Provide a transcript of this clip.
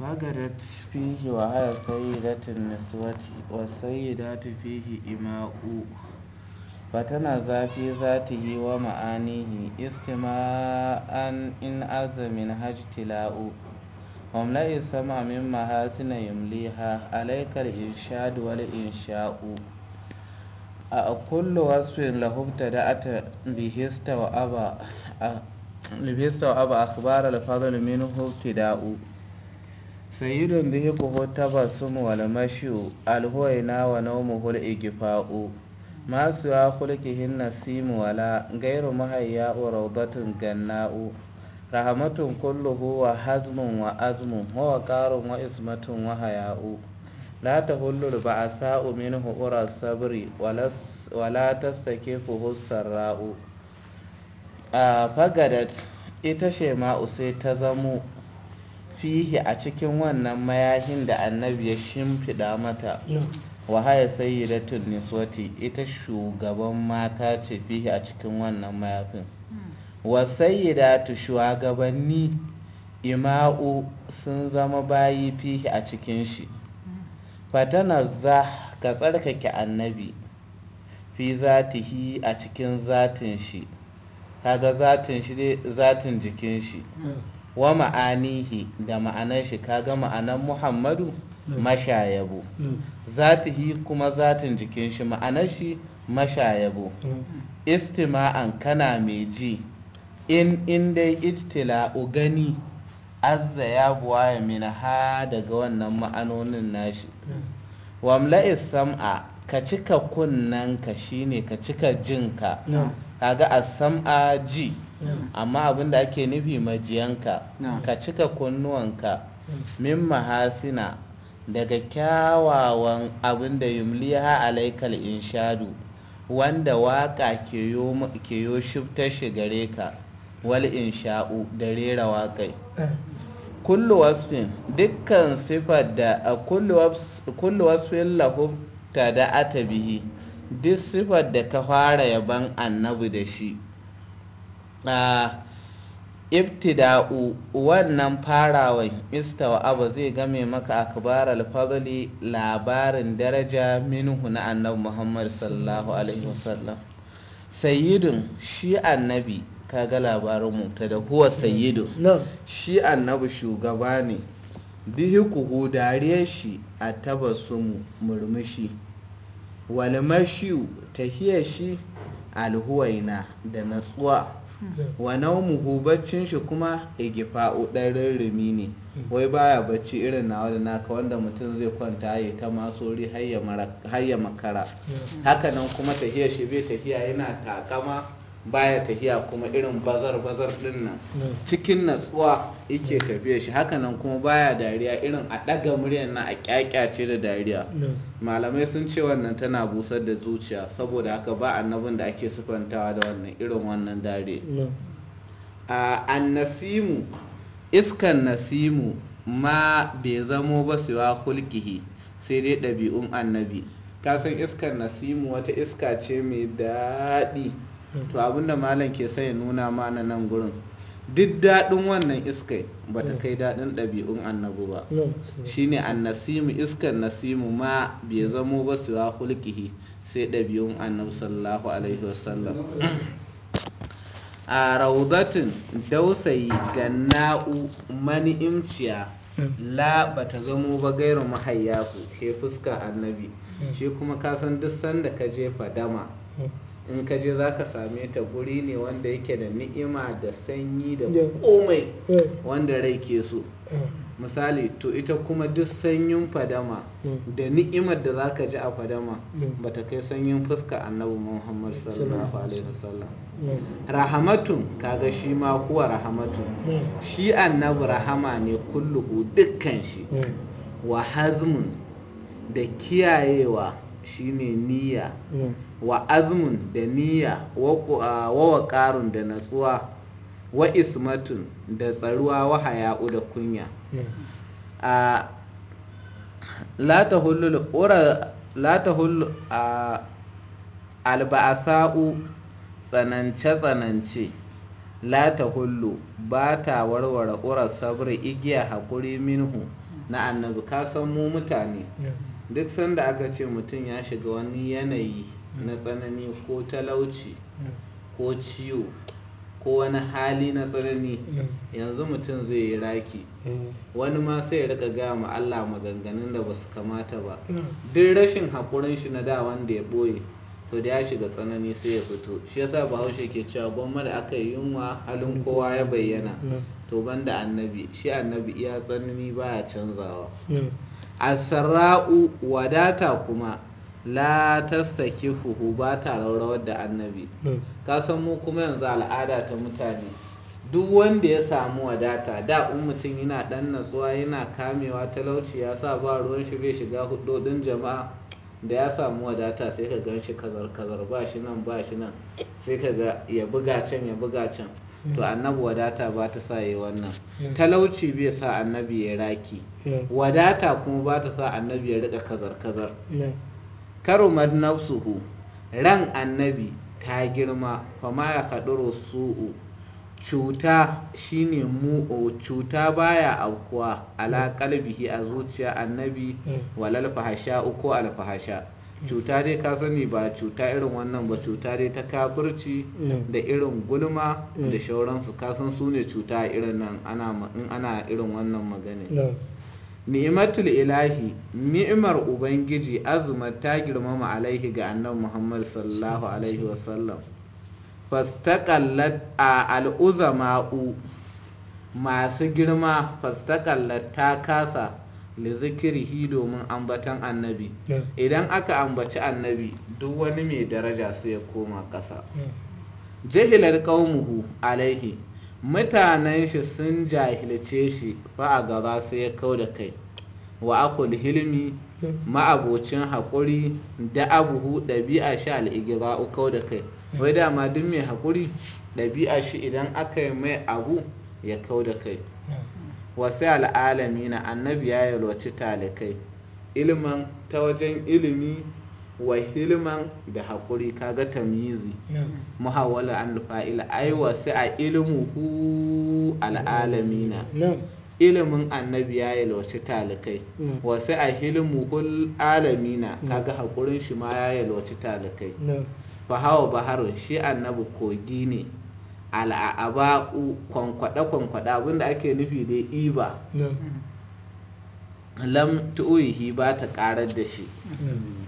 Margaret Fihi wa haya sayi dhati niswati wa sayi dhati fihi ima u fi dhati hii wa maani hii Istima an in aza min hajti la u Omla isama mima hasi na yumliha Alaika li inshadu wa li insha u Aakullu waspi in lahumta daata bihista wa libista wa abu akhbara alfadl minhu tida'u sayyidun dhihiquhu tabassum wal mashu alhuwaina wa nawmuhu al-igfa'u ma suwa khulqihin nasimu wala ghayru mahayya'u rawdatun ganna'u rahamatun kulluhu wa hazmun wa azmun huwa waqarun wa ismatun wa haya'u la tahullu ba'sa'u minhu ura sabri wala ta sake tastakifuhu sarra'u a fagadat ita shema'u sai ta zamo fihi a cikin wannan mayahin da annabi ya shimfiɗa mata wahaya sayyidatun niswati ita shugaban mata ce fihi a cikin wannan mayafin wa sayyidatu shugabanni ima'u sun zama bayi fihi a cikin shi fatana za ka tsarkake annabi fi zatihi a cikin zatin shi kaga zatin shi dai zatin jikin shi wa ma'anihi da ma'anar shi kaga ma'anar muhammadu mm. mashayabu mm. zatihi kuma zatin jikin shi ma'anar shi mashayabu mm. istima'an kana mai ji in in dai ijtila'u gani azza ya mina minaha daga wannan ma'anonin nashi wamla'is sam'a ka cika kunnanka shine ka cika jinka kaga a sam'a ji hmm. amma abinda ake nufi majiyanka hmm. ka cika kunnuwanka hmm. min mahasina daga kyawawan abin da yumliha alaikal inshadu wanda waka ke yo shifta shi gare ka wal insha'u da rera waƙai kullu wasfin dukkan sifar da kullu wasfin lahu ta da bihi duk sifar da ka fara yaban annabi da shi a ibtida'u wannan farawan wa abu zai game maka akbar alfadli labarin daraja minhu na annabi muhammad sallallahu alaihi wasallam sayyidun shi annabi ga labarin mu ta da huwa sayyidun mm. shi annabi shugaba ne bihi kuhu dariyar shi a tabasumu murmushi walmashiyu tahiyar shi alhuwaina da natsuwa hmm. wa naumuhu baccin shi kuma igifa'u ɗan rurrumi ne hmm. wai baya bacci irin na wani naka wanda mutum zai kwanta ya ta masori har ya makara hmm. hakanan kuma tahiyar shi bai tafiya yana takama baya tafiya kuma irin bazar-bazar din nan hmm. cikin natsuwa yake hmm. tafiya shi hakanan kuma baya dariya irin a ɗaga muryar na a kyakyace da dariya hmm. malamai sun ce wannan tana busar da zuciya saboda haka ba annabin da ake sufantawa da wannan irin wannan dare a annasimu iskan nasimu ma bai zamo ba wa hulkihi sai dai ɗabi'un annabi kasan iskan nasimu wata iska ce mai daɗi to abinda malam ke sai ya nuna mana nan gurin duk daɗin wannan iskai ba ta mm. kai daɗin ɗabi'un annabu ba Shi annasimu iskan nasimu ma bai zamo ba siwa hulkihi sai ɗabi'un annabu sallallahu alaihi wasallam a raudatin dausayi ga na'u mani'imciya mm. la ba ta zamo ba gairu mahayyaku ke fuska annabi mm. shi kuma kasan duk sanda ka jefa dama in ka je za ka same ta guri ne wanda yake da ni'ima da sanyi da komai wanda rai ke so misali to ita kuma duk sanyin fadama da ni'imar da za ka ji a fadama ba ta kai sanyin fuska annabi muhammad sallallahu alaihi wasallam rahamatun kaga shi ma kuwa rahamatun shi annabi rahama ne kulluhu dukkan shi wa hazmun da kiyayewa shine niyya mm. wa azmun da niyya wa waƙarun da natsuwa wa ismatun da tsaruwa wa haya'u da kunya mm. a la hullu alba'asa'u tsanance-tsanance la ta hullu ba ta warware ƙura sabri igiya haƙuri minhu na annabi ka mu mutane mm. duk sanda aka ce mutum ya shiga wani yanayi na tsanani ko talauci ko ciwo ko wani hali na tsanani yanzu mutum zai yi raki wani ma sai rika gaya ma Allah maganganun da ba su kamata ba duk rashin haƙurin shi na da wanda ya ɓoye to da ya shiga tsanani sai ya fito shi yasa bahaushe ke cewa gwamma da aka yi yunwa halin kowa ya bayyana to banda annabi shi annabi iya tsanani baya canzawa asra'u wadata kuma la tasaki fuhu ba ta rawar da annabi hmm. ka san mu kuma yanzu al'ada ta mutane duk wanda ya samu wadata da in mutum yana dan natsuwa yana kamewa talauci ya sa ba ruwan shi bai shiga hudodin jama'a da ya samu wadata sai ka gan shi kazar kazar ba shi nan ba shi nan sai ka ga ya buga can ya buga can to hmm. annabi wadata ba ta sa yi wannan hmm. talauci bai sa annabi ya raki hmm. wadata kuma ba ta sa annabi ya rika kazar-kazar karumar nafsuhu ran annabi ta girma fama ya kaɗuro su'u cuta shine mu cuta baya aukuwa ala kalbihi a zuciya annabi walal fahasha uku alfahasha cuta dai ka sani ba cuta irin wannan ba cuta dai ta kafirci mm. da irin gulma mm. da shauransu kasan su ne cuta irin nan in ana irin wannan magana ni'imatul ilahi ni'imar ubangiji azumar ta girmama alaihi ga annabi muhammad sallallahu alaihi wasallam fastaqallat al'uzama'u masu girma fastaqallat ta kasa li domin ambatan annabi idan aka ambaci annabi duk wani mai daraja sai ya koma ƙasa jahilar ƙaunuhu, alaihi mutanen shi sun jahilce shi fa a gaba sai ya kau da kai wa akul hilmi ma'abocin haƙuri da abuhu ɗabi'a shi al'igira kau da kai wai dama duk mai haƙuri ɗabi'a shi idan aka yi mai abu ya kau da kai wasu al'alamina annabi ya yalwaci talikai ilimin ta wajen ilimi wa hilman da haƙuri kaga tamizi. muhawwala an fa'il ai wasu a al'alami na. ilimin annabi ya yalwaci talikai wasu a hilmuhul na kaga haƙurin shi ma ya yalwaci talikai fa hawa baharun shi annabi kogi ne al'a'aba'u kwankwada-kwankwada abinda ake nufi dai iba mm. lam tuwihi ba ta karar da shi mm.